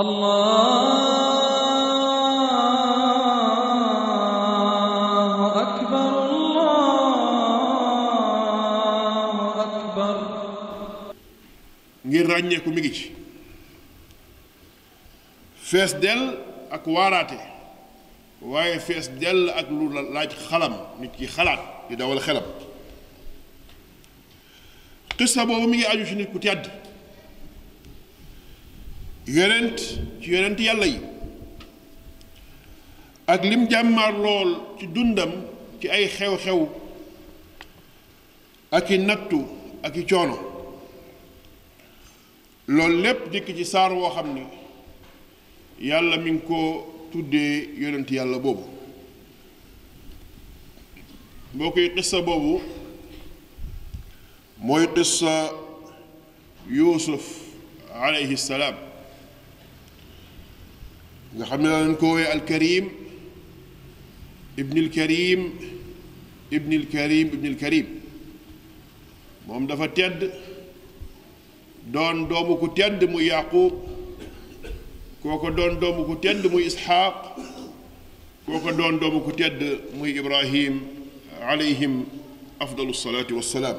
الله أكبر الله أكبر غير رانيا كوميجي فاس ديل اك واراتي واي فاس ديل اك لو لاج خلام نيت كي خلات يداول خلام قصه بو ميجي اجو شنو كوتياد yonent ci yonent yàlla yi ak lim jamar lol ci dundam ci ay xew-xew ak i nattu ak ciono lol lépp dik ci sar wo xamni yàlla mi ngi ko tuddé yonent yàlla bobu boo qissa bobu moy qissa yuusuf alayhi salaam نحمل الكوي الكريم ابن الكريم ابن الكريم ابن الكريم موم دا تد دون دومو كو تد مو يعقوب كوكو دون دومو كو تد مو اسحاق كوكو دون دومو كو تد مو ابراهيم عليهم افضل الصلاه والسلام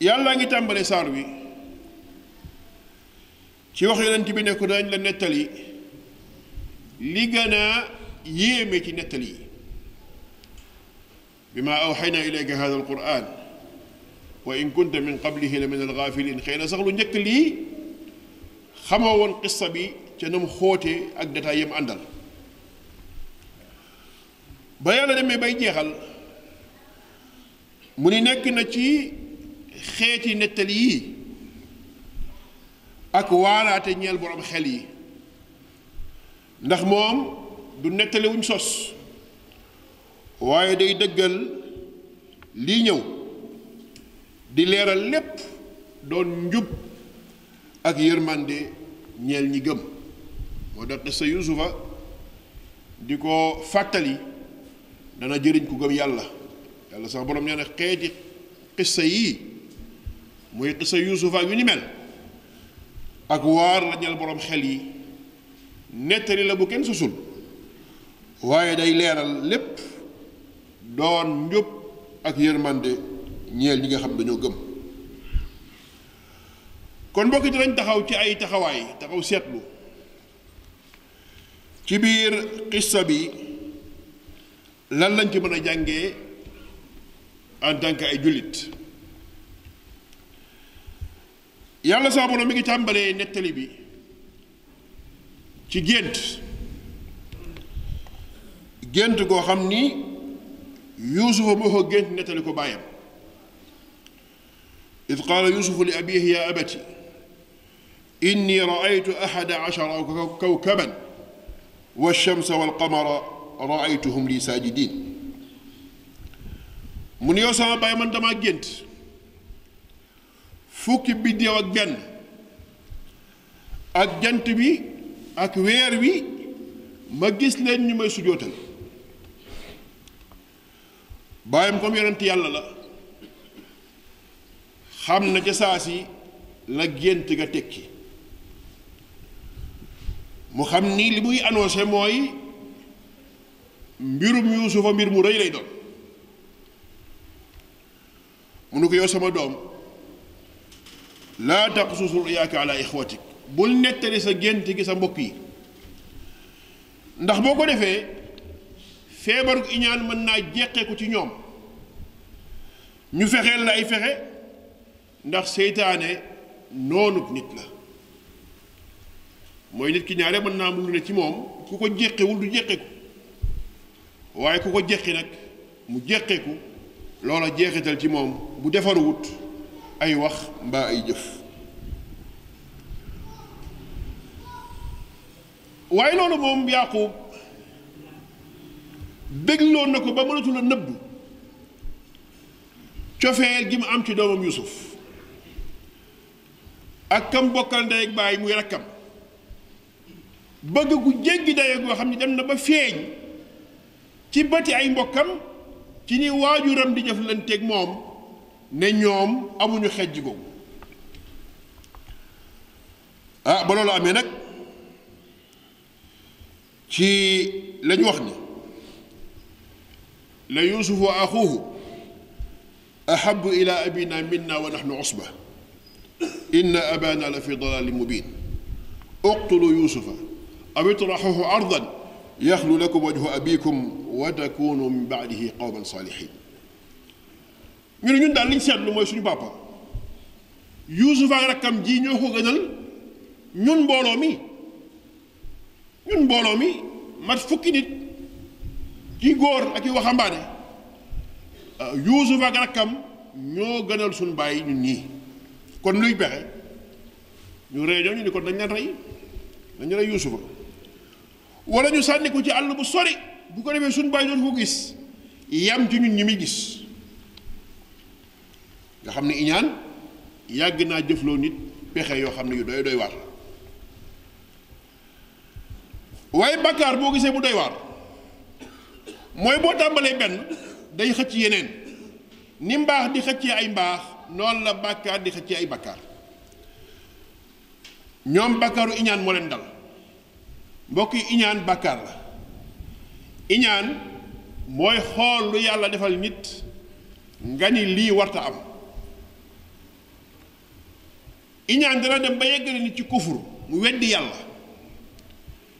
يالا نغي تامبالي ساروي ci wax yonent bi ne ko dañ la nettali li gën a yéeme ci nettali yi bima awxayna ilayka hada alquran wa in kunta min qablihi la min alghafilin xëy na sax lu njëkk lii xamoo woon qissa bi ca nam xóote ak détail yam àndal ba yàlla demee bay jeexal mu ni nekk na ci xeeti nettali yii ak waaraate ñeel borom xel yi ndax moom du nettalewuñ sos waaye day dëggal lii ñëw di leeral lépp doon njub ak yërmande ñeel ñi gëm moo tax sa yusufa di ko fàttali dana jëriñ ku gëm yàlla yàlla sax borom nee na xeeti xissa yii muy xissa yusufa yu ni mel ak waar la ñeel boroom xel yi nettali la bu kenn susul waaye day leeral lépp doon njub ak yërmande ñeel ñi nga xam dañoo gëm kon mbokki dinañ taxaw ci ay taxawaay taxaw seetlu ci biir xissa bi lan lañ ci mën a jànge en tant ay jullit yàlla saa borom mi ngi tàmbalee nettali bi ci gént gént goo xam ni yuusufa moo ko gént nettali ko bàyyam id qaala yuusufu li abihi ya abati inni raaytu ahada ashara kawkaban والشمس والقمر رأيتهم لي ساجدين من يوسف باي من دما جنت fukki biddeew ak benn ak jant bi ak weer wi ma gis leen ñu may sujootal bàyyam comme yonent yàlla la xam na ca saa si la gént ga tekki mu xam ni li muy annoncé mooy mbirum yuusufa mbir mu rëy lay doon mu nu ko yow sama doom لا تقصص رؤياك على اخوتك بول نتري سا جنتي كي سا مبوكي نداخ بوكو ديفي فيبر اينان من نا جيخيكو تي نيوم ني فخيل لا اي فخي نداخ شيطان نونو نيت لا موي نيت كي نياري من نا مولو تي موم كوكو جيخي ول دو جيخيكو واي كوكو جيخي نك مو جيخيكو لولا جيخيتال تي موم بو ديفارو ay wax mbaa ay jëf waaye loolu moom Yaaqub dégloon na ko ba mënatul a nëbb cofeel gi mu am ci doomam Yuusuf ak kam bokkal ndey ak baay muy rakkam bëgg gu jéggi daye goo xam ne dem na ba feeñ ci bëti ay mbokkam ci ni waajuram di jëflanteeg moom ne ñoom amuñu xejj googu ah ba loolu amee nag ci lañu wax ni la yuusufu wa axuuhu ahabu ila abina minna wa naxnu usba inna abana la fi dalalin mubin اقتلوا يوسف أو اطرحوه أرضا يخلو لكم وجه أبيكم وتكونوا من بعده قوما صالحين ñu ñun daal li ñu seetlu mooy suñu papa Yuusuf ak rakkam ji ñoo ko gënal ñun mbooloo mi ñun mbooloo mi mat fukki nit ci góor ak i waxambaane ah, Yuusuf ak rakkam ñoo gënal suñu bàyyi ñun ñii kon luy pexe ñu réunion ñu ni kon dañ leen rey dañu rey Yuusufa wala ñu sànni ko ci àll bu sori bu ko defee suñu bàyyi doon ko gis yam ci ñun ñi muy gis nga xam ne iñaan yàgg naa jëfloo nit pexe yoo xam ne yu doy doy waar waaye bàkkaar boo gisee bu doy waar mooy boo tàmbalee benn day xëcc yeneen ni mbaax di xëccee ay mbaax noonu la bàkkaar di xëccee ay bàkkaar ñoom bàkkaaru iñaan moo leen dal mbokk yi iñaan bàkkaar la iñaan mooy xool lu yàlla defal nit nga ni lii warta am iñaan dana dem ba yeggale nit ci kufur mu weddi yàlla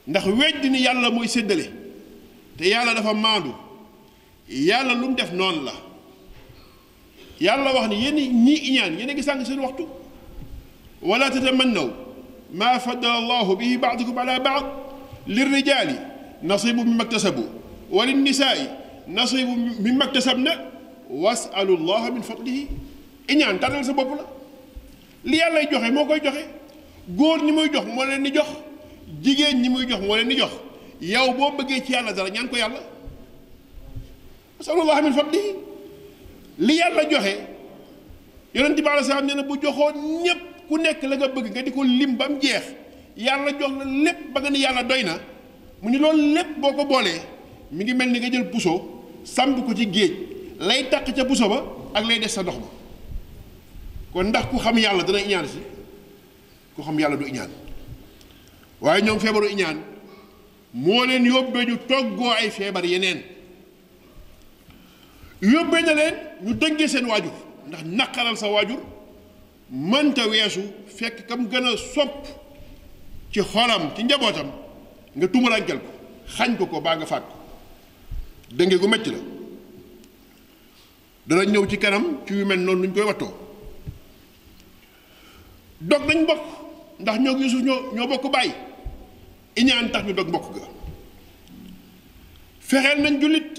ndax weddi ni yàlla mooy séddale te yàlla dafa maandu yàlla lu mu def noonu la yàlla wax ni yéen ñii iñaan yéen a ngi sànq seen waxtu wala tatamannaw ma faddala allahu bihi ba'dakum ala ba'd lirrijali nasibu mimma iktasabu wa linnisaa'i nasibu mimma iktasabna was'alu allaha min fadlihi iñaan tànnal sa bopp la li yàlla joxe moo koy joxe góor ñi muy jox moo leen di jox jigéen ñi muy jox moo leen di jox yow boo bëggee ci yàlla dara ñan ko yàlla asalullah min fadlihi li yàlla joxe yonent bi aleyhi salaam na bu joxoon ñépp ku nekk la nga bëgg nga di ko lim ba mu jeex yàlla jox la lépp ba nga ni yàlla doy na mu ni loolu lépp boo ko boolee mu ngi mel ni nga jël puso sàmp ko ci géej lay takk ca puso ba ak lay def sa ndox ma kon ndax ku xam yàlla dana iñaan si ku xam yàlla du iñaan waaye ñoom feebaru iñaan moo leen yóbbee ñu toggoo ay feebar yeneen yóbbee na leen ñu dëngee seen waajur ndax naqaral sa waajur mënta weesu fekk kam gëna a sopp ci xolam ci njabootam nga tumuraankel ko xañ ko ko baa nga faat ko dënge gu metti la dana ñëw ci kanam ci yu mel noonu lu ñu koy wattoo dog nañ mbokk ndax ñoo Yuusuf ñoo ñoo bokk bàyyi iñaan tax mi dog mbokk ga fexeel nañ jullit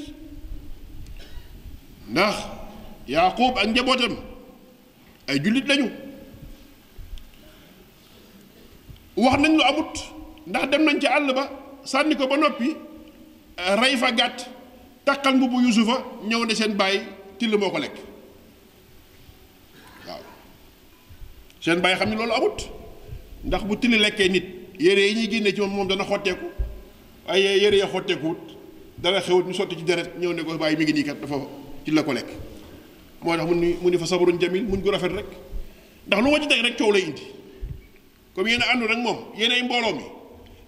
ndax Yaaqub ak njabootam ay jullit lañu wax nañ lu amut ndax dem nañ ci àll ba sànni ko ba noppi rey fa gàtt takkal mbubu Yuusufa ñëw ne seen bàyyi till moo ko lekk seen baye xamni ne amut ndax bu tini lekke nit yére yi ñi génnee ci mom dana xoteku ay yére ya xoteku dara xewut ñu soti ci deret ñëw ne ko baye mi ngi ni kat dafa ci la ko lek mo tax mu ni mu ni fa sabrun jamil muñ ko rafet rek ndax lu ma ci tek rek ciow lay indi comme yéen àndu nag mom yéen ay mbooloo mi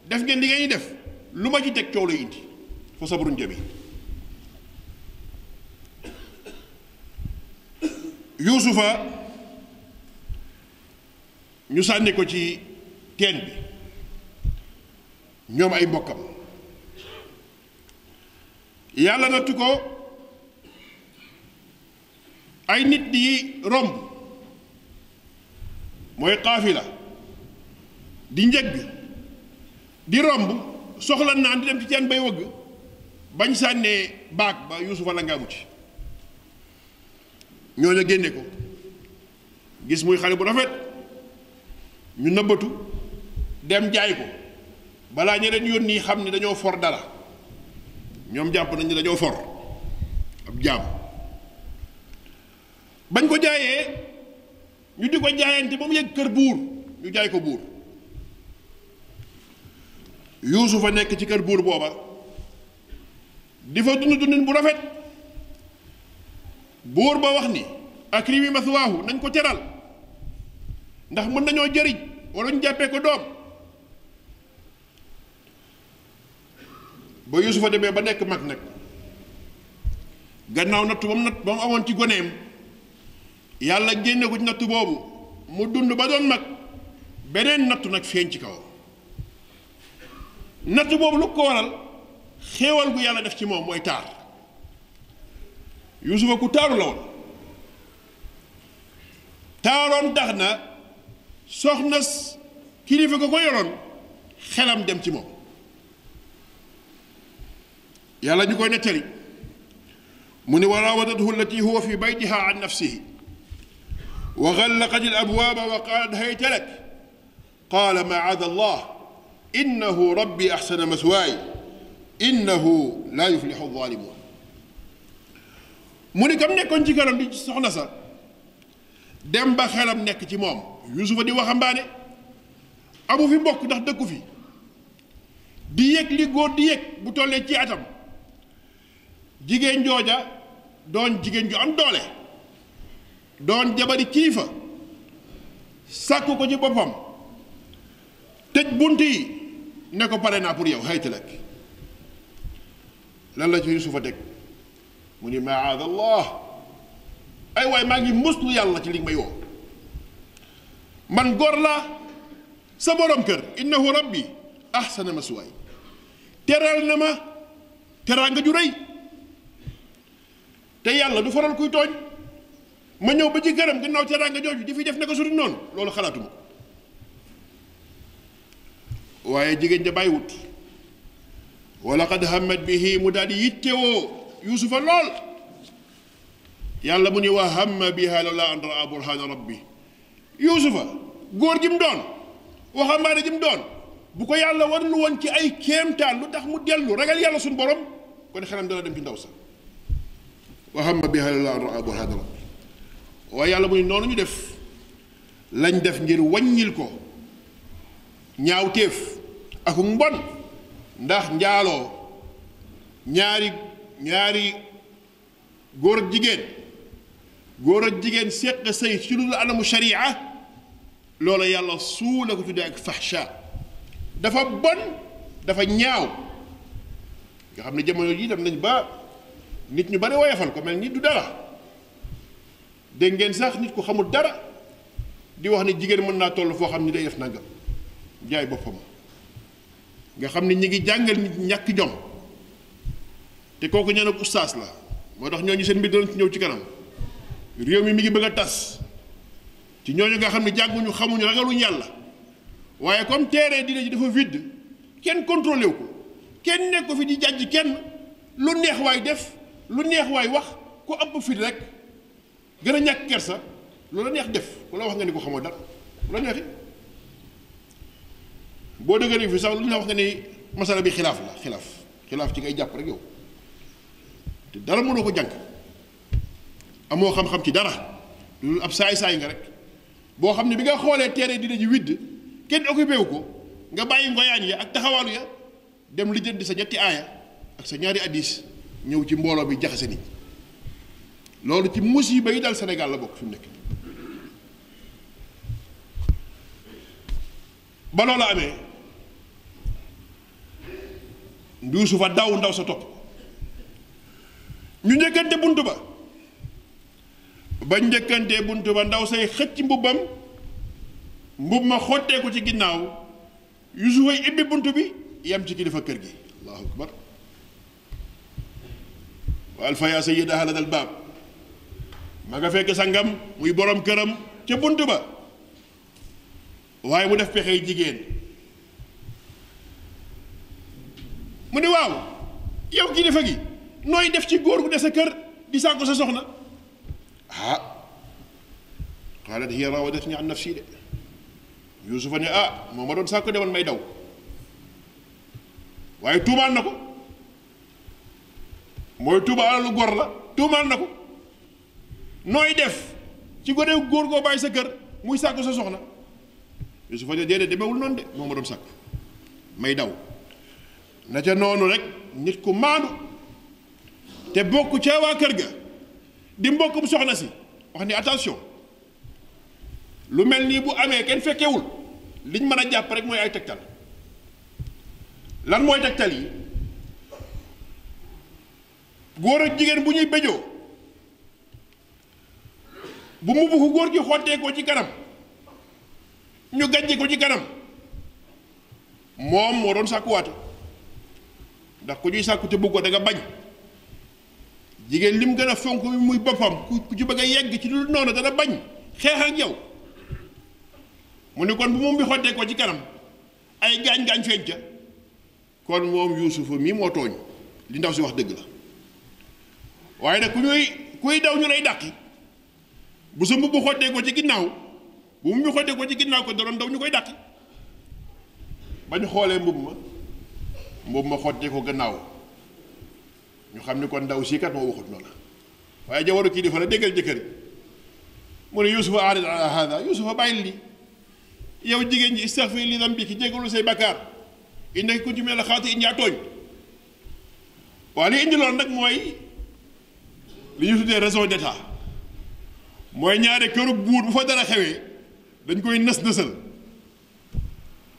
def ngeen li ngay def lu ma ci tek ciow lay indi fa sabrun jamil yuusufa ñu sànni ko ci teen bi ñoom ay mbokkam yàlla nattu ko ay nit di romb mooy xaafila di njëgg di romb soxla naan di dem ci teen bay wëgg bañ sànnee baag ba yuusufa la nga amu ci ñoo la génne ko gis muy xale bu rafet ñu nëbbatu dem jaay ko balaa ñeneen yónni xam ni dañoo for dara ñoom jàpp nañ ni dañoo for ab jaam bañ ko jaayee ñu di ko jaayante ba mu yëg kër buur ñu jaay ko buur yuusufa nekk ci kër buur booba di fa dund dundin bu rafet buur ba wax ni akrimi maswaahu nañ ko teral ndax mën nañoo jëriñ wala ñu jàppee ko doom ba yusufa demee ba nekk mag nag gannaaw nattu ba mu natt ba mu amoon ci goneem yàlla génne ko ci nattu boobu mu dund ba doon mag beneen nattu nag feeñ ci kaw nattu boobu lu ko waral xéewal gu yàlla def ci moom mooy taar yusufa ku taaru la woon taaroon tax na soxna kilifa ga ko yoron xelam dem ci mom yàlla ñukoy koy muni mu wa raawadathu allati huwa fi baytiha an nafsihi wa ghallaqat al abwab wa qalat hayta lak qaala macaada allah innahu rabbi ahsana maswaay innahu la yuflihu adh-dhalimun muni kam nekkon ci kanam di soxna sa dem ba xelam nek ci mom yusufa di waxambaane amu fi mbokk ndax dëkku fi di yëg li góor di yëg bu tollee ci atam jigéen jooja doon jigéen ju am doole doon jabari kilifa sàkk ko ci boppam tëj bunt yi ne ko pare naa pour yow hayta lak lan la ci yusufa teg mu ni maada allah ay waay maa ngi muslu yàlla ci li nga woo man góor laa sa borom kër innahu rabbi ahsana maswaay teral na ma teraanga ju rëy te yàlla du faral kuy tooñ ma ñëw ba ci këram gannaaw teraanga jooju di fi def naka suri noonu loolu xalaatuma ko waaye jigéen ja bàyyiwut wa laqad hammat bihi mu daal di yittewoo yuusufa lool yàlla mu ni wa bi biha lawlaa an raa burhaana rabbi yuusufa góor gi mu doon waxambaane ji mu doon bu ko yàlla warlu woon ci ay kéemtaan lu tax mu dellu ragal yàlla suñu borom kon xelam dana dem ci ndaw sa waxamma bi halila an raa burhaana rabbi waaye yàlla muy noonu ñu def lañ def ngir wàññil ko ñaawteef ak mbon ndax njaaloo ñaari ñaari góor ak jigéen góor ak jigéen séq sëy ci lu la anamu sharia loola yàlla suu la ko ci tuddee ak fahsha dafa bon dafa ñaaw nga xam ne jamono ji dem nañ ba nit ñu bari woyofal ko mel ni du dara dégg ngeen sax nit ku xamul dara di wax ne jigéen mën naa toll foo xam ni day def nangam jaay boppam nga xam ne ñi ngi jàngal nit ñàkk jom te kooku ñeneen ustaas la moo tax ñooñu seen mbir danañ ci ñëw ci kanam réew mi mi ngi bëgg a tas ci ñooñu nga xam ne jànguñu xamuñu ragaluñ yàlla waaye comme téere dina ji dafa vide kenn contrôlé wu ko kenn nekk fi di jàjj kenn lu neex waay def lu neex waay wax ku ëpp fi rek gën a ñàkk kersa lu la neex def ku la wax nga ni ko xamoo dara lu la neexi boo dëgëri fi sax lu la wax nga ni masala bi xilaaf la xilaaf xilaaf ci ngay jàpp rek yow te dara mënoo ko jàng amoo xam-xam ci dara lu ab saay-saay nga rek boo xam ne bi nga xoolee teere dina ji widd kenn occupé wu ko nga bàyyi ngoyaan ya ak taxawaan ya dem li jënd sa ñetti aaya ak sa ñaari addis ñëw ci mbooloo bi jaxase nit loolu ci musiba yi dal Sénégal la bokk fi mu nekk ba loolu daw ndaw sa topp ñu njëkkante bunt ba ba njëkkantee buntu ba ndaw say xëcc mbubbam mbub ma xotteeku ci ginnaaw yusufa ibbi buntu bi yam ci kilifa kër gi allahu akbar wa alfa yaa sayyida haladal baab ma nga fekk sangam muy borom këram ca buntu ba waaye mu def pexey jigéen mu ne waaw yow kilifa gi nooy def ci góor gu des sa kër di sànko sa soxna ah qaalat hiya raawadatnii an nafsi de yuusufa ne ah moo ma doon sàkku de may daw waaye tuumaal na ko mooy tuuba alalu la tuumaal na ko nooy def ci gone góor goo bàyyi sa kër muy sàkku sa soxna yuusufa ne déedéet demewul noonu de moo ma doon sàkku may daw na ca noonu rek nit ku maandu te bokk ca waa kër ga di mbokk mbokkum soxna si wax ni attention lu mel nii bu amee kenn fekkewul liñ mën a jàpp rek mooy ay tegtal lan mooy tegtal yi góor ak jigéen bu ñuy béjoo bu mu buxu góor gi xottee ci kanam ñu gàjje ci kanam moom moo doon sàkkuwaate ndax ku ñuy sàkku te bëgg danga bañ jigéen li mu gën a fonk muy boppam ku ci bëgg a yegg ci lu noonu dana bañ xeex ak yow mu ne kon bu moom bi xottee ko ci kanam ay gaañ-gaañ feeñ ca kon moom yuusufa mii moo tooñ li ndaw si wax dëgg la waaye nag ku ñuy kuy daw ñu lay dàqi bu sa mbubb xottee ko ci ginnaaw bu mu xottee ko ci ginnaaw ko doroon daw ñu koy dàqi ba ñu xoolee mbubb ma mbubb ma xottee ko gannaaw ñu xamni kon ndaw si kat mo waxut loola waye jawaru ki defal degal déggal mune mu ne ala hada yusufa bàyyil li yow jigéen ji istaghfir li dam bi ki jégalu say bakkaar innaka kunti minal xaatiin yaa tooñ waaw li indi loolu nak moy li ñu de raison d'état moy ñaare këru buur bu fa dara xewé dañ koy nas nasal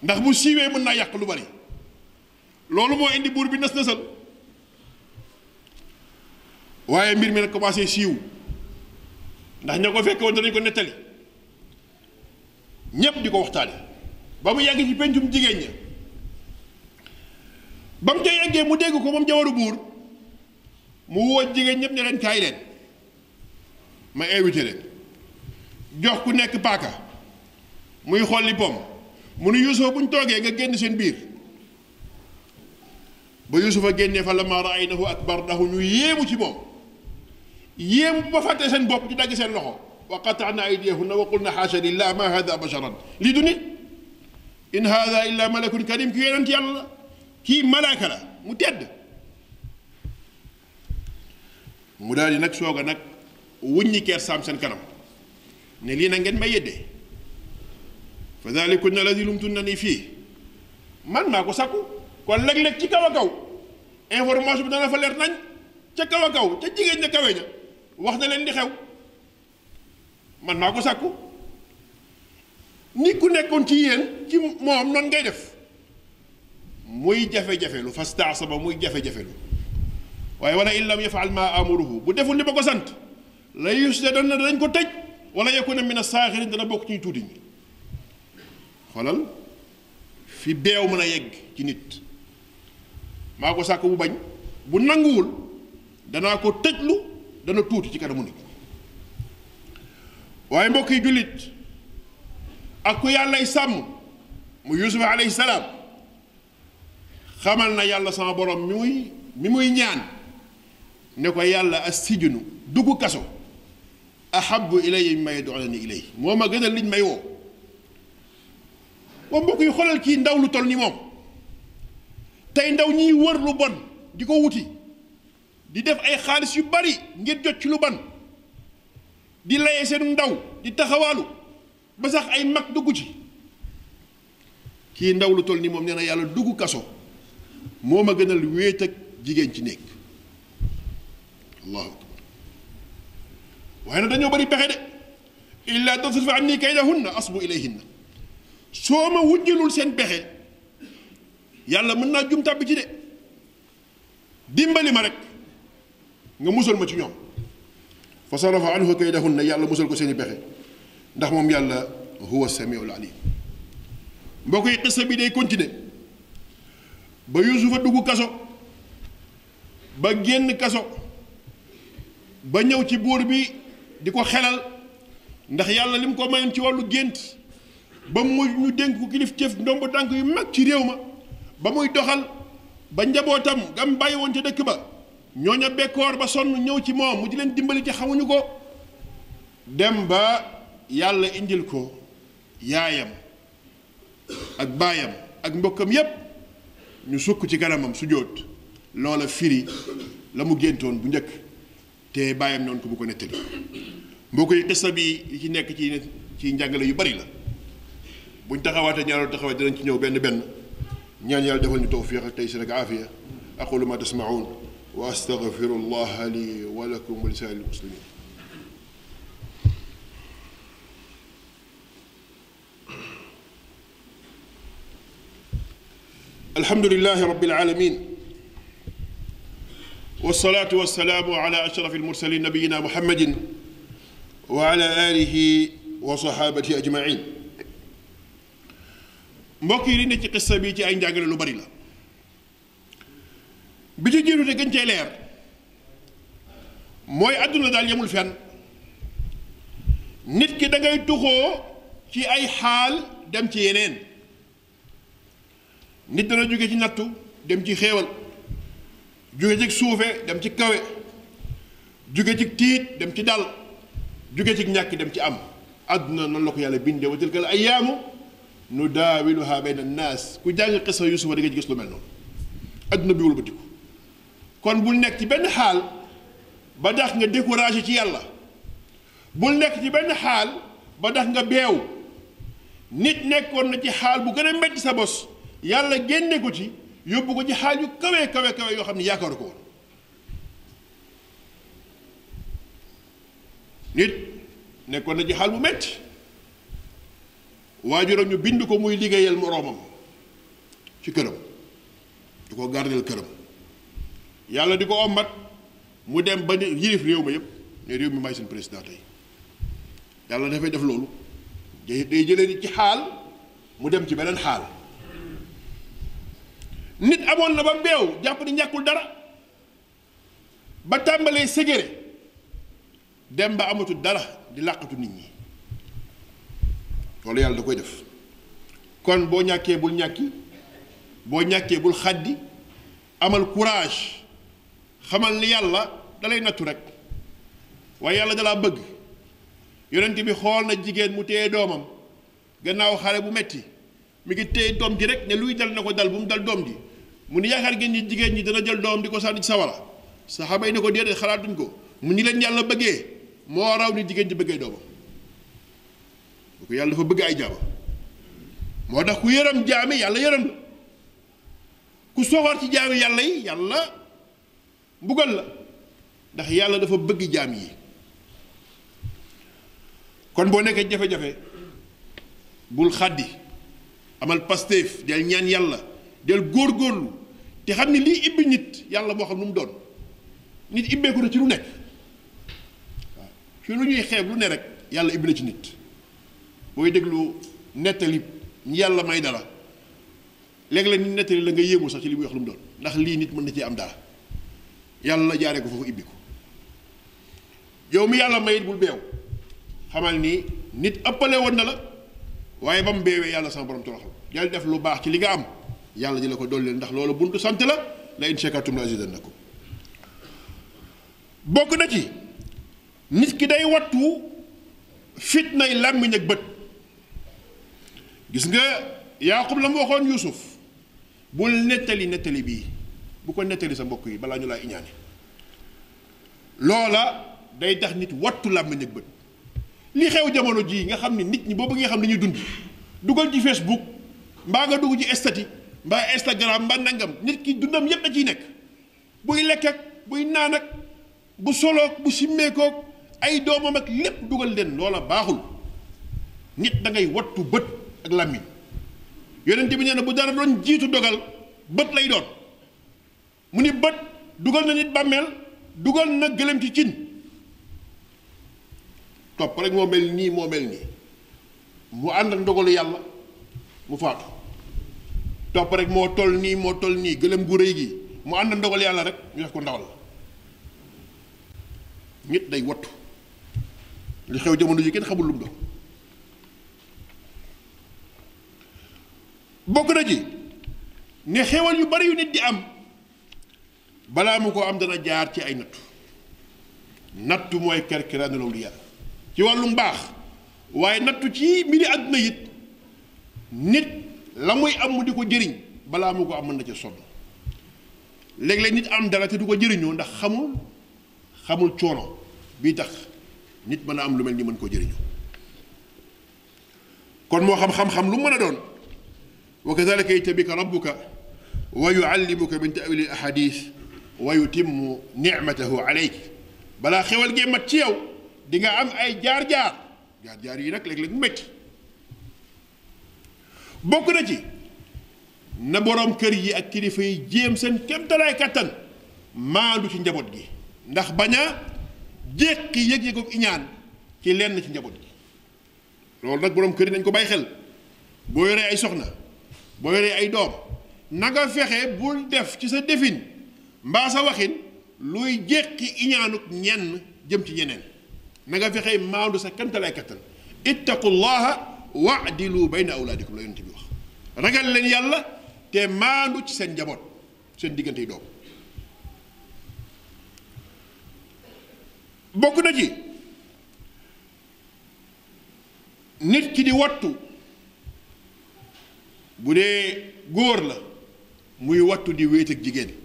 ndax bu siwé mën na yak lu bari loolu mo indi buur bi nas nasal waaye mbir mi nag commencé siiw ndax ña ko fekke woon danañ ko nettali ñépp di ko waxtaane ba mu yàgg ci pencum jigéen ña ba mu ca yeggee mu dégg ko moom jawaru buur mu woo jigéen ñëpp ne leen kaay leen ma invité leen jox ku nekk paaka muy xolli pom mu nu yusuf buñ toogee nga génn seen biir ba yusufa génnee fa la ma raaynahu akbar dahu ñu yéemu ci moom يم بفتشن بوب دي داجي سن لوخو وقطعنا ايديهن وقلنا حاشا لله ما هذا بشرا لدني ان هذا الا ملك كريم كي ينت يلا كي ملائكه لا متد مودالي نك سوغا نك وني كير سامسن كرام ني لي نانغن ما يدي فذلك الذي لمتنني فيه من ماكو ساكو كون لك لك تي كاو كاو انفورماسيون دا فا لير كاو كاو تي جيغي نكاوي wax na leen di xew man maa ko sàkku ni ku nekkoon ci yéen ci moom noonu ngay def muy jafe-jafe lu ba muy jafe-jafe lu waaye wala in lam yafaal maa amuruhu bu deful li ma ko sant la yusjadan na dañ ko tëj wala na min as-saaxirin dana bokk ci ñu tuuti ñi xoolal fi beew mën a yegg ci nit maa ko sàkk bu bañ bu nanguwul danaa ko tëjlu dana tuuti ci kanamu nit waaye mbokk yi julit ak ku yàllay sàmm mu yusuf alayhi salaam xamal na yàlla sama borom mi muy mi muy ñaan ne ko yàlla as sijunu dugg kaso ahabu ilayya mimma yad'unani ilayhi moo ma gënal liñ may woo waa mbokk yi xoolal kii ndaw lu toll ni moom tey ndaw ñiy wër lu bon di ko wuti di def ay xaalis yu bari ngir jot ci lu ban di laye seen ndaw di taxawaalu ba sax ay mag dugg ci kii ndaw lu toll ni moom nee na yàlla dugg kaso moo ma gënal wéet ak jigéen ci néeg allahu akbar waaye nag dañoo bari pexe de illaa tasrif anni kaydahunna asbu ilayhinna soo ma wujjalul seen pexe yàlla mën naa jum tàbbi ci de dimbali ma rek nga musal ma ci ñoom fa sarafa anhu kaydahunna yàlla musal ko seeni pexe ndax moom yàlla huwa samiul alim mbokk yi xissa bi day continuer ba yusufa dugg kaso ba génn kaso ba ñëw ci buur bi di ko xelal ndax yàlla li mu ko mayoon ci wàllu gént ba mu ñu dénk ko kilifteef ndomb tànk yu mag ci réew ma ba muy doxal ba njabootam gam bàyyi woon ca dëkk ba ñooña bekkoor ba sonn ñëw ci moom mu di leen dimbali ci xamuñu ko dem ba yàlla indil ko yaayam ak baayam ak mbokkam yépp ñu sukk ci kanamam su jóot loola firi la mu géntoon bu njëkk te baayam noonu ko bu ko nettali mbokk yi bi yi ci nekk ci ci njàngale yu bari la buñ taxawaatee ñaareelu taxawaat dinañ ci ñëw benn benn ñaan yàlla defal ñu tawfiq ak tey si rek aafiya aqulu ma tasmaun وأستغفر الله لي ولكم ولسائر المسلمين الحمد لله رب العالمين والصلاة والسلام على أشرف المرسلين نبينا محمد وعلى آله وصحابته أجمعين مكيرين yi قصة بيتي ci xissa bi bi ci jiitu te gën cee leer mooy àdduna daal yemul fenn nit ki da ngay tuxoo ci ay xaal dem ci yeneen nit dana jóge ci nattu dem ci xéewal jóge ci suufe dem ci kawe jóge ci tiit dem ci dal jóge ci ñàkk dem ci am àdduna na la ko yàlla bindee wa tilkal ayyaamu nu daawiluha bayna annaas ku jàng xisa yusufa da nga gis lu mel noonu àdduna bi wëlbatiku kon bul nekk ci benn xaal ba tax nga découragé ci yàlla bul nekk ci benn xaal ba tax nga beew nit nekkoon na ci xaal bu gën a metti sa bos yàlla génne ko ci yóbbu ko ci xaal yu kawe kawe kawe yoo xam ne yaakaaru ko woon nit nekkoon na ci xaal bu metti waajuram ñu bind ko muy liggéeyal moroomam ci këram du ko gardeel këram yàlla di ko ombat mu dem ba ne yilif réew ma yépp ne réew mi may seen président tey yàlla dafay def loolu day day jëlee nit ci xaal mu dem ci beneen xaal nit amoon na ba mbeew jàpp ni ñàkkul dara ba tàmbalee ségéré dem ba amatul dara di làqatu nit ñi loolu yàlla da koy def kon boo ñàkkee bul ñàkki boo ñàkkee bul xaddi amal courage xamal ni yàlla dalay nattu rek waaye yàlla dalaa bëgg yonent bi xool na jigéen mu téye doomam gannaaw xare bu metti mu ngi téye doom ji rek ne luy dal na ko dal bu mu dal doom ji mu ni yaakaar ngeen jigéen ñi dana jël doom di ko sànni ci sawara saxaaba yi ne ko déedéet xalaatuñ ko mu ni leen yàlla bëggee moo raw ni jigéen ji bëggee doomam bu ko yàlla dafa bëgg ay jaamam moo tax ku yërëm jaami yàlla yërëm ku soxor ci jaami yàlla yi yàlla mbugal la ndax yàlla dafa bëgg jaam yi kon boo nekkee jafe-jafe bul xàddi amal pastéef del ñaan yàlla del góor-góorlu te xam ni lii ibbi nit yàlla boo xam nu mu doon nit ibbeeku ci lu nekk waaw ci lu ñuy xeeb lu ne rek yàlla ibbi na ci nit booy déglu nettali ñu yàlla may dara léeg-léeg nit nettali la nga yéemu sax ci li muy wax lu mu doon ndax lii nit mën na cee am dara yàlla jaare ko foofu ibbi ko yow mi yàlla mayit bul beew xamal ni nit ëppale woon na la waaye ba mu beewee yàlla sama borom toroxal yàlla def lu baax ci li nga am yàlla di la ko dolli ndax loolu buntu sant la la in shakartum na ko bokk na ci nit ki day wattu fitnay làmmiñ ak bët gis nga Yaaqub la mu waxoon Yuusuf bul nettali nettali bii bu ko nettali sa mbokk yi balaa ñu laa iñaane loola day tax nit wattu làmmiñ ak bët li xew jamono jii nga xam ni nit ñi boobu bëggee xam li ñuy dund dugal ci Facebook mbaa nga dugg ci statut mbaa Instagram mbaa nangam nit ki dundam yépp a ciy nekk buy lekk ak buy naan bu soloog bu simmeekoog ay doomam ak lépp dugal leen loola baaxul nit dangay ngay wattu bët ak làmmiñ yonent bi nee na bu dara doon jiitu dogal bët lay doon mu ni bët dugal na nit bàmmeel dugal na gëlem ci cin topp rek moo mel nii moo mel nii mu ànd ak ndogalu yàlla mu faatu topp rek moo toll nii moo toll nii gëlem gu rëy gi mu ànd ak ndogalu yàlla rek ñu def ko ndawal nit day wattu li xew jamono ji kenn xamul lu mu doon na ji ne xewal yu bari yu nit di am balaa mu ko am dana jaar ci ay nattu nattu mooy kerkiraanul awliyaa ci wàllum baax waaye nattu ci mbiri àdduna it nit la muy am mu di ko jëriñ balaa mu ko am mën na ca sonn léeg-léeg nit am dara te du ko jëriñoo ndax xamul xamul coono bii tax nit mën a am lu mel ni mën ko jëriñoo kon moo xam xam-xam lu mën a doon wa kadalika yajtabika rabbuka wa yuallimuka min tawili al ahadith ويتم نعمته عليك بلا خيوال جي ماتيو ديغا ام اي جار جار جار جار يي نك ليك ليك بوك نتي نا بوروم كير يي اك كليفاي تلاي كاتان ما دو سي نجابوت جي ندخ باغا جيك يك يكو انيان كي لين سي نجابوت جي لول نك بوروم كير نانكو باي خيل بو يوري اي سخنا بو يوري اي دوم نغا فخه بول ديف سي سا ديفين mbaa sa waxin luy jéqi iñaanuk ñenn jëm ci ñeneen na nga fexee maandu sa kantalaay kattan ittaqullaha waadilu bayna awlaadikum la yonent bi wax ragal leen yàlla te maandu ci seen njaboot seen diggante yi doom bokk na ci nit ki di wattu bu dee góor la muy wattu di wéet ak jigéen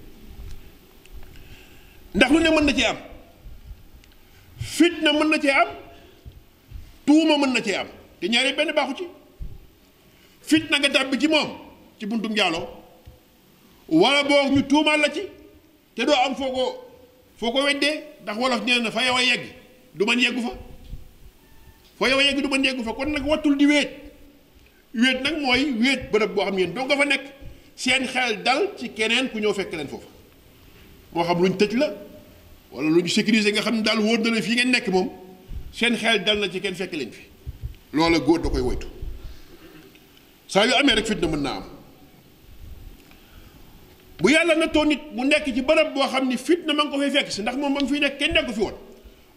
ndax lu ne mën na cee am na mën na cee am tuuma mën na cee am te ñaari benn baaxu ci na nga tàbbi ci moom ci buntum njaaloo wala boog ñu tuumaal la ci te doo am foo ko foo ko weddee ndax wolof nee na fa yow a yegg du man yeggu fa fa yow a yegg du man yeggu fa kon nag wattul di wéet wéet nag mooy wéet bërëb boo xam yéen doo nga fa nekk seen xel dal ci keneen ku ñëw fekk leen foofu moo xam luñ tëj la wala luñ sécuriser nga xam ne daal wóor na la fii ngeen nekk moom seen xel dal na ci kenn fekk leen fi loola góor da koy woytu saa yu amee rek fitna mën naa am bu yàlla nattoo nit mu nekk ci barab boo xam ni fitna ma nga ko fay fekk si ndax moom ba mu fiy nekk kenn nekku fi woon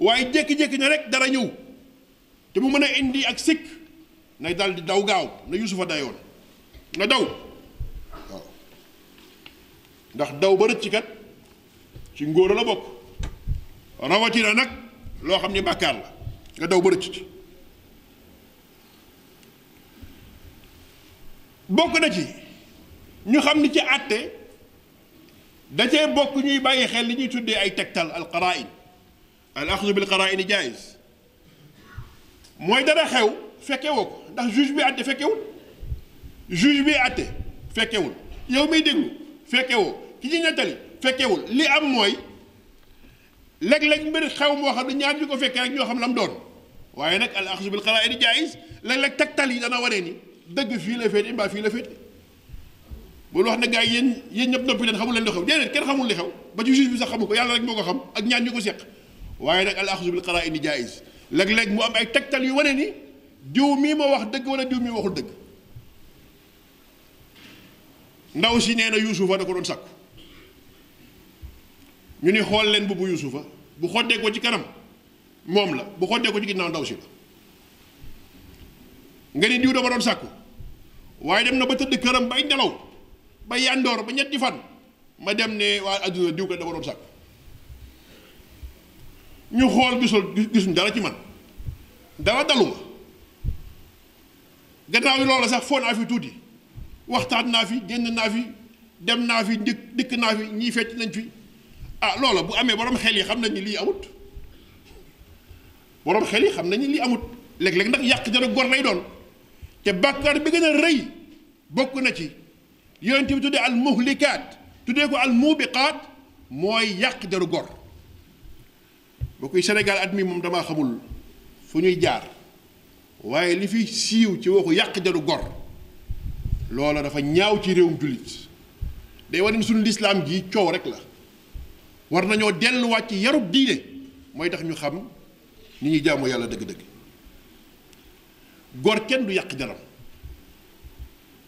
waaye jékki-jékki na rek dara ñëw te mu mën a indi ak sikk nay dal di daw gaaw na yusufa dayoon na daw waaw ndax daw ba rëcc kat ci ngóor la bok rawati na nak lo xamni bakkar la nga daw ba ci bok na ci ñu xamni ci àtte da cee bok ñuy bàyyi xel li ñuy tuddé ay tektal al qara'in al akhdh bil qara'in jaiz moy dara xew fekke woo ndax juge bi àtte fekke fekkewul juge bi àtte fekke fekkewul yow mi déglu fekke wo ki ci netali fekkewul li am mooy léeg-léeg mbir xew moo xam ne ñaar ñu ko fekkee rek ñoo xam lam doon waaye nag al axsu bil xalaa'id jaayis léeg-léeg tegtal yi dana waree ni dëgg fii la féete mbaa fii la féete bul wax ne gars yi yéen yéen ñëpp noppi leen xamul leen li xew déedéet kenn xamul li xew ba ci juge bi sax xamu ko yàlla rek moo ko xam ak ñaar ñu ko seq waaye nag al axsu bil xalaa'id jaayis léeg-léeg mu am ay tegtal yu waree ni diw mii ma wax dëgg wala diw mii waxul dëgg ndaw si nee na Yuusufa da ko doon sàkku ñu ni xool leen bubu yusufa bu xoddee ko ci kanam moom la bu xoddee ko ci ginnaaw ndaw si la nga ni diw dama doon sàkku waaye dem na ba tëdd këram bay nelaw ba yàndoor ba ñetti fan ma dem ne waa adduna diw ko dama doon sàkku ñu xool gisuñ dara ci man dara daluma gannaaw yi sax foo naa fi tuuti waxtaan naa fi génn naa fi dem naa fi dikk dikk naa fi ñii fecc nañ fi ah loola bu amee borom xel yi xam ni lii amut borom xel yi xam ni lii amut léeg-léeg ndax yàq jara gor lay doon te bàkkaar bi gën a rëy bokk na ci yonent bi tuddee al muhlikat tuddee ko al mubiqat mooy yàq jaru gor boo koy Sénégal at mi moom damaa xamul fu ñuy jaar waaye li fi siiw ci waxu yàq jaru gor loola dafa ñaaw ci réewum julit day wane ni suñu lislaam gi coow rek la war nañoo delluwaat ci yarub diine mooy tax ñu xam ni ñuy jaamu yàlla dëgg-dëgg góor kenn du yàq jaram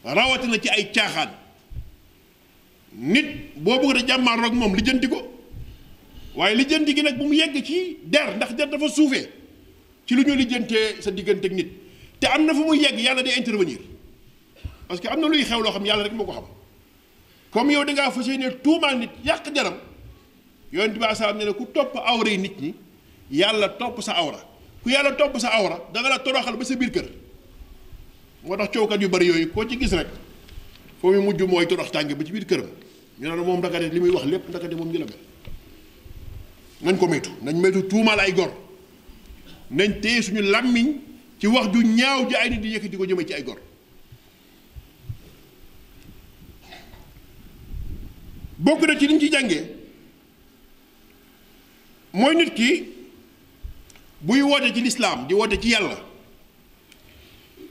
rawatina ci ay caaxaan nit boo bëgg a jàmmaan ak moom lijjanti ko waaye lijjanti gi nag bu mu yegg ci der ndax der dafa suufee ci lu ñu lijjantee sa diggante ak nit te am na fu muy yegg yàlla day intervenir parce que am na luy xew loo xam yàlla rek moo ko xam comme yow da ngaa fas yéene tuumaal nit yàq jaram yonent bi asalaam ne ne ku topp awra yi nit ñi yàlla topp sa awra ku yàlla topp sa awra danga la toroxal ba sa biir kër moo tax coowkat yu bari yooyu koo ci gis rek foo mu mujj mooy torox tànge ba ci biir këram ñu ne la moom ndakate li muy wax lépp ndakate moom ñu la mel nañ ko moytu nañ moytu tuumaal ay gor nañ téye suñu làmmiñ ci wax ju ñaaw ji ay nit di yëkkati ko jëme ci ay gor bokk na ci liñ ci jàngee mooy nit ki buy woote ci Islam, di woote ci yalla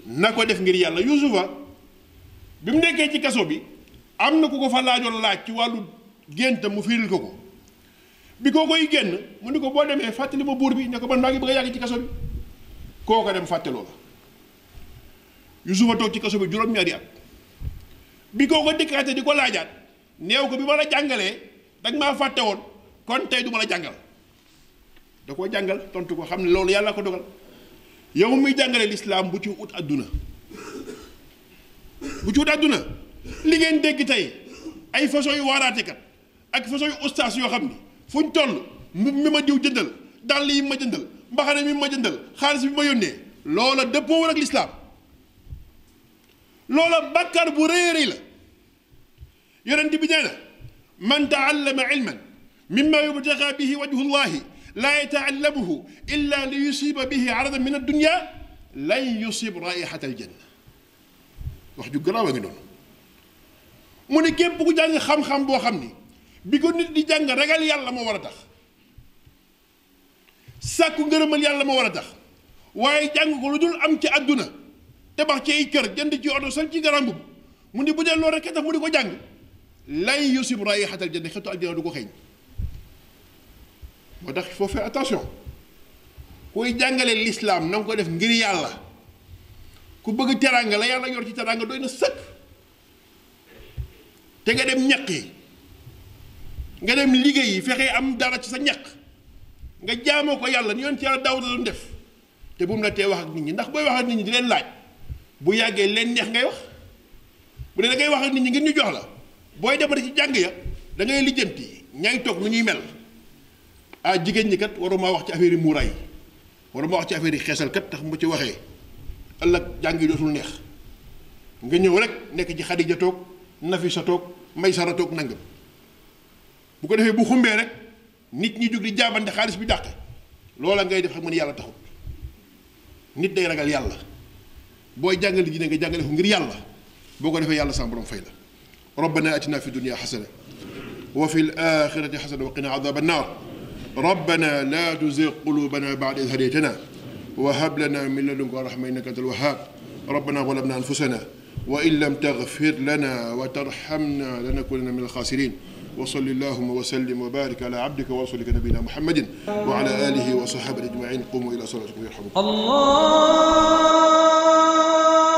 na ko def ngir yàlla yusufa bi mu ci kaso bi am na ku ko fa laajoon laaj ci wàllu gént mu firil ko ko bi koo koy génn mu ni ko boo demee ma buur bi ne man maa bëgg ci bi dem yusufa toog ci kaso bi juróom-ñaari at bi ko di ko laajaat neew ko bi ma la jàngalee dag kon du la da ko jàngal tontu ko xam ne loolu yàlla ko dogal yow muy jàngale lislaam bu ci ut àdduna bu ci ut àdduna li ngeen dégg tey ay façon yu waaraatekat ak façon yu ustaas yoo xam ne fu ñu toll mu mi ma diw jëndal dàll yi ma jëndal mbaxane mi ma jëndal xaalis bi ma yónnee loola dëppoo ak lislaam loola bàkkaar bu rëy rëy la yonent bi nee na man taallama ilman mimma yubtaxa bihi wajhu llahi لا يتعلمه إلا ليصيب به عرضا من الدنيا لا يصيب رائحة الجنة واحد يقرأ ويقول من كيف بقول جاني خم خم بو خمني بيقول نت دي جانغ رجال يلا ما وردخ ساكو غرم يلا ما وردخ واي جانغ كل دول أم كي أدنى تبغى كي يكر جند كي أدنى سنتي غرام بو من يبجل لورك هذا من يقول جانغ لن يصيب رائحة الجنة خطأ الجنة دكو خيني moo tax il faut faire attention kuy jàngale l'islam na nga ko def ngir yàlla ku bëgg teranga la yàlla yor ci teranga doy na sëkk te nga dem ñaq yi nga dem liggéey fexe am dara ci sa ñaq nga jaamoo ko yàlla ni yoon ci yàlla daaw doon def te bu mu la tee wax ak nit ñi ndax booy wax ak nit ñi di leen laaj bu yàggee leen neex ngay wax bu dee da ngay wax ak nit ñi ngir ñu jox la booy demati ci jàng ya da ngay lijjanti ñay toog lu ñuy mel ah jigéen ñi kat waruma wax ci affaire yi muuraay waruma wax ci affaire yi xeesal kat tax mu ci waxee ëllëg jàng yi dootul neex nga ñëw rek nekk ci Xadija toog Nafisa toog toog nangam bu ko defee bu xumbee rek nit ñi jóg di jaabante xaalis bi dàq loola ngay def xam nga yàlla taxut nit day ragal yàlla booy jàngale diine nga jàngale ko ngir yàlla boo ko defee yàlla sa borom fay la rabbana atina fi dunya xasana wa fi l axirati xasana wa qina adaba annaar ربنا لا تزغ قلوبنا بعد إذ هديتنا وهب لنا من لدنك رحمة إنك أنت الوهاب ربنا ظلمنا أنفسنا وإن لم تغفر لنا وترحمنا لنكونن من الخاسرين وصل اللهم وسلم وبارك على عبدك ورسولك نبينا محمد وعلى آله وصحبه أجمعين قوموا إلى صلاتكم يرحمكم الله